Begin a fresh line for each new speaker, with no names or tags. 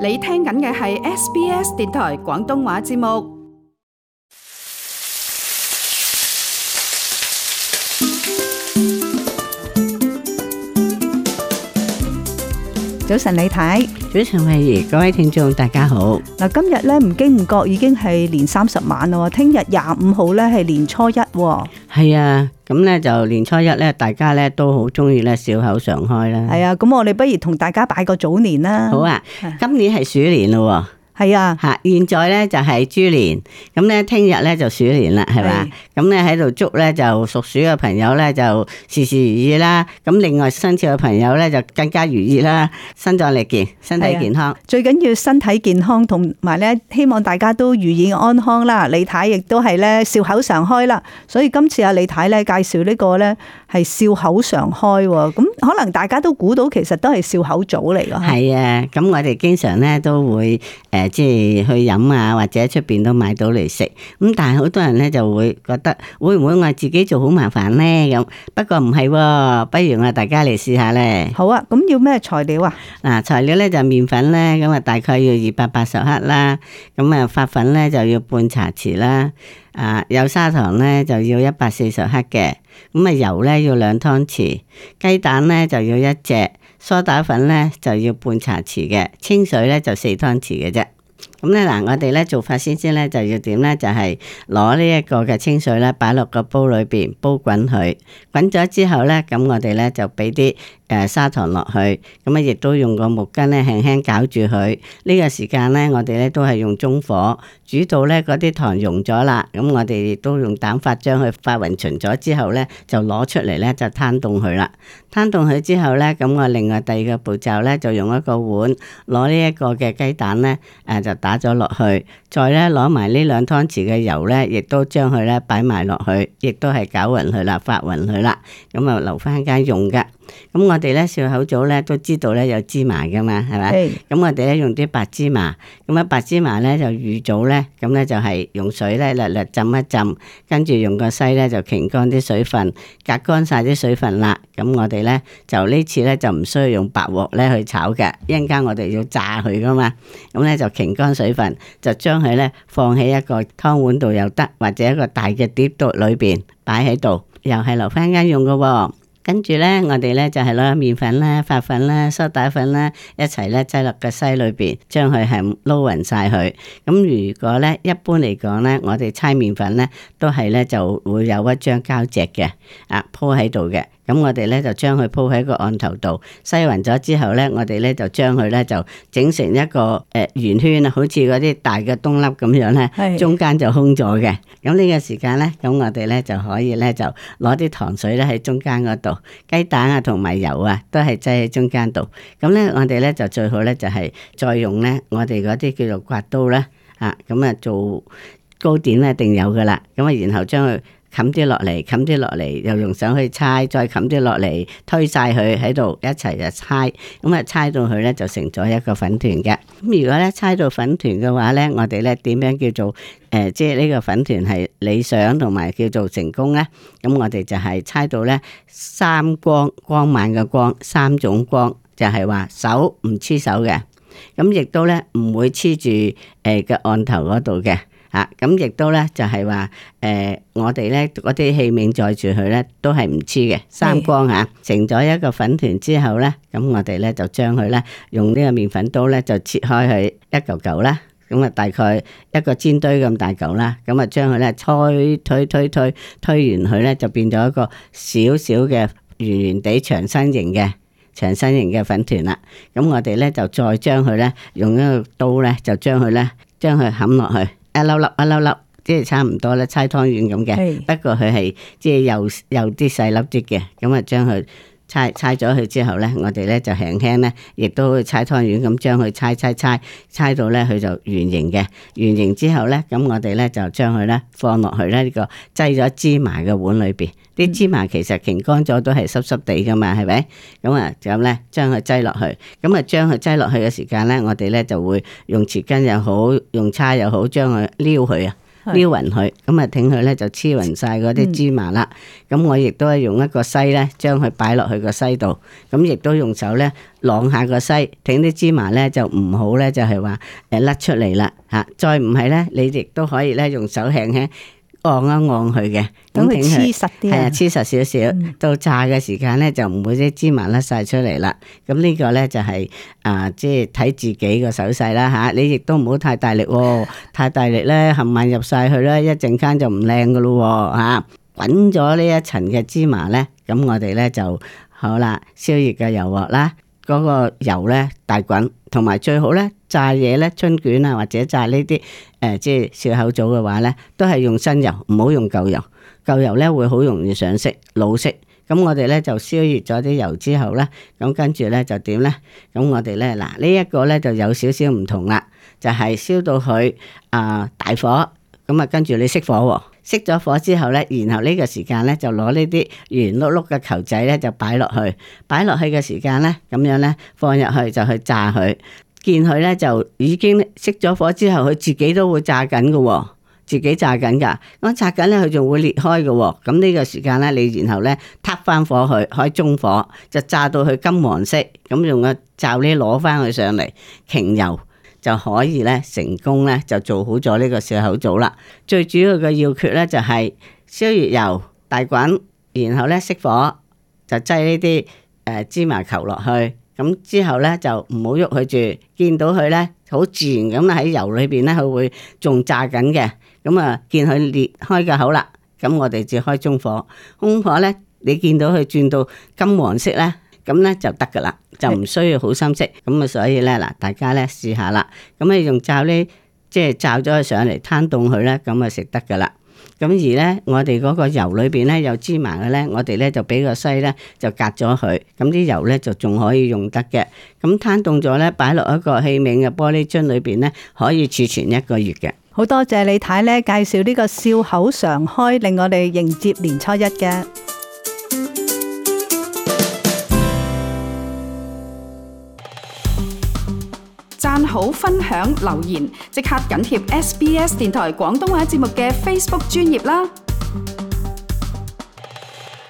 你聽緊嘅係 SBS 電台廣東話節目。早晨，李太，早晨，惠儀，各位聽眾，大家好。嗱，今日咧唔經唔覺已經係年三十晚咯，聽日廿五號咧係年初一。係啊，咁呢就年初一呢，大家呢都好鍾意呢笑口常開啦。係啊，咁我哋不如同大家拜個早年啦。好啊，今年係鼠年咯喎。係啊，吓！現在咧就係豬年，咁咧聽日咧就鼠年啦，係嘛？咁咧喺度祝咧就屬鼠嘅朋友咧就事事如意啦，咁另外生肖嘅朋友咧就更加如意啦，身壯力健，身體健康。最緊要身體健康，同埋咧希望大家都如意安康啦。李太亦都係咧笑口常開啦，所以今次阿李太咧介紹呢個咧係笑口常開，咁可能大家都估到其實都係笑口組嚟噶。係啊，咁、啊、我哋經常咧都會誒。即係去飲啊，或者出邊都買到嚟食。咁但係好多人呢，就會覺得會唔會我自己做好麻煩呢？咁？不過唔係、喎，不如我大家嚟試下呢。好啊，咁要咩材料啊？嗱、啊，材料呢就麵、是、粉呢，咁、嗯、啊大概要二百八十克啦。咁啊發粉呢，就要半茶匙啦。啊有砂糖呢，就要一百四十克嘅。咁啊油呢，要兩湯匙，雞蛋呢，就要一隻。梳打粉呢，就要半茶匙嘅，清水呢，就四湯匙嘅啫。咁咧嗱，我哋咧做法先先咧，就要點咧就係攞呢一個嘅清水咧，擺落個煲裏邊煲滾佢。滾咗之後咧，咁我哋咧就俾啲誒砂糖落去，咁啊亦都用個木跟咧輕輕攪住佢。呢個時間咧，我哋咧都係用中火煮到咧嗰啲糖溶咗啦。咁我哋亦都用蛋發漿去發匀匀咗之後咧，就攞出嚟咧就攤凍佢啦。攤凍佢之後咧，咁我另外第二個步驟咧就用一個碗攞呢一個嘅雞蛋咧誒就打。打咗落去，再咧攞埋呢兩湯匙嘅油咧，亦都將佢咧擺埋落去，亦都係攪勻佢啦，發勻佢啦。咁啊，留翻間用噶。咁我哋咧笑口棗咧都知道咧有芝麻噶嘛，係咪？咁 Hey. 我哋咧用啲白芝麻，咁啊白芝麻咧就預早咧，咁咧就係、是、用水咧略略浸一浸，跟住用個篩咧就擎乾啲水分，隔乾晒啲水分啦。咁我哋呢，就呢次呢，就唔需要用白鑊呢去炒嘅，一陣間我哋要炸佢噶嘛。咁呢，就擎乾水分，就將佢呢放喺一個湯碗度又得，或者一個大嘅碟度裏邊擺喺度，又係留翻間用噶、哦。跟住呢，我哋呢，就係攞麵粉啦、發粉啦、梳打粉啦一齊呢，擠落個篩裏邊，將佢係撈匀晒佢。咁如果呢，一般嚟講呢，我哋搓麵粉呢，都係呢，就會有一張膠席嘅，啊鋪喺度嘅。咁我哋咧就將佢鋪喺一個案頭度，篩勻咗之後咧，我哋咧就將佢咧就整成一個誒圓圈啊，好似嗰啲大嘅冬粒咁樣咧，中間就空咗嘅。咁呢個時間咧，咁我哋咧就可以咧就攞啲糖水咧喺中間嗰度，雞蛋啊同埋油啊都係擠喺中間度。咁咧我哋咧就最好咧就係再用咧我哋嗰啲叫做刮刀啦。啊咁啊做糕點咧一定有噶啦。咁啊然後將佢。冚啲落嚟，冚啲落嚟，又用上去猜，再冚啲落嚟，推晒佢喺度一齊就猜，咁啊猜到佢呢，就成咗一個粉團嘅。咁如果呢猜到粉團嘅話呢，我哋呢點樣叫做誒，即係呢個粉團係理想同埋叫做成功呢？咁我哋就係猜到呢三光光萬嘅光，三種光就係、是、話手唔黐手嘅，咁亦都呢，唔會黐住誒嘅案頭嗰度嘅。啊，咁亦都咧，就係話誒，我哋咧嗰啲器皿載住佢咧，都係唔黐嘅三光嚇。成咗一個粉團之後咧，咁我哋咧就將佢咧用呢個麵粉刀咧就切開佢一嚿嚿啦。咁啊，大概一個煎堆咁大嚿啦。咁啊，將佢咧推推推推推完佢咧，就變咗一個少少嘅圓圓地長身形嘅長身形嘅粉團啦。咁我哋咧就再將佢咧用一個刀咧就將佢咧將佢冚落去。一粒粒，一粒粒，即係差唔多啦，猜湯圓咁嘅。是不過佢係即係又又啲細粒啲嘅，咁啊將佢。猜猜咗佢之後呢，我哋呢就輕輕呢，亦都好似猜湯圓咁，將佢猜猜猜猜到呢，佢就圓形嘅圓形之後呢，咁我哋呢就將佢呢放落去咧呢、呢個擠咗芝麻嘅碗裏邊。啲芝麻其實乾乾咗都係濕濕地噶嘛，係咪咁啊？就咁呢將佢擠落去，咁啊將佢擠落去嘅時間呢，我哋呢就會用匙羹又好，用叉又好，將佢撩佢啊。撩勻佢，咁啊挺佢咧就黐勻晒嗰啲芝麻啦。咁、嗯、我亦都係用一個篩咧，將佢擺落去個篩度。咁亦都用手咧晾下個篩，挺啲芝麻咧就唔好咧就係話誒甩出嚟啦。吓、啊，再唔係咧，你亦都可以咧用手輕輕。按一按佢嘅，咁佢黐實啲，係啊，黐實少少，嗯、到炸嘅時間咧就唔會啲芝麻甩晒出嚟啦。咁呢個咧就係、是、啊，即係睇自己個手勢啦吓。你亦都唔好太大力，啊、太大力咧，冚埋入晒去咧，一陣間就唔靚噶咯吓。滾咗呢一層嘅芝麻咧，咁我哋咧就好啦，燒熱嘅油鑊啦，嗰、那個油咧大滾，同埋最好咧。炸嘢咧，春卷啊，或者炸呢啲誒，即係笑口棗嘅話咧，都係用新油，唔好用舊油。舊油咧會好容易上色、老色。咁我哋咧就燒熱咗啲油之後咧，咁跟住咧就點咧？咁我哋咧嗱，這個、呢一個咧就有少少唔同啦，就係、是、燒到佢啊、呃、大火，咁啊跟住你熄火喎。熄咗火之後咧，然後呢個時間咧就攞呢啲圓碌碌嘅球仔咧就擺落去，擺落去嘅時間咧咁樣咧放入去就去炸佢。見佢咧就已經熄咗火之後，佢自己都會炸緊嘅、哦，自己炸緊噶。咁炸緊咧，佢仲會裂開嘅、哦。咁呢個時間咧，你然後咧，撻翻火去，開中火，就炸到佢金黃色。咁用個罩呢，攞翻佢上嚟，擎油就可以咧成功咧，就做好咗呢個笑口棗啦。最主要嘅要訣咧就係燒熱油，大滾，然後咧熄火，就擠呢啲誒芝麻球落去。咁之後咧就唔好喐佢住，見到佢咧好自然咁喺油裏邊咧，佢會仲炸緊嘅。咁啊，見佢裂開個口啦，咁我哋就開中火，中火咧你見到佢轉到金黃色咧，咁咧就得噶啦，就唔需要好深色。咁啊，所以咧嗱，大家咧試下啦。咁你用炸呢，即係炸咗佢上嚟攤凍佢咧，咁啊食得噶啦。咁而咧，我哋嗰個油裏邊咧有芝麻嘅咧，我哋咧就畀個篩咧，就隔咗佢。咁啲油咧就仲可以用得嘅。咁攤凍咗咧，擺落一個器皿嘅玻璃樽裏邊咧，可以儲存一個月嘅。好多謝李太咧介紹呢個笑口常開，令我哋迎接年初一嘅。好，分享留言，即刻緊貼 SBS 電台廣東話節目嘅 Facebook 專頁啦！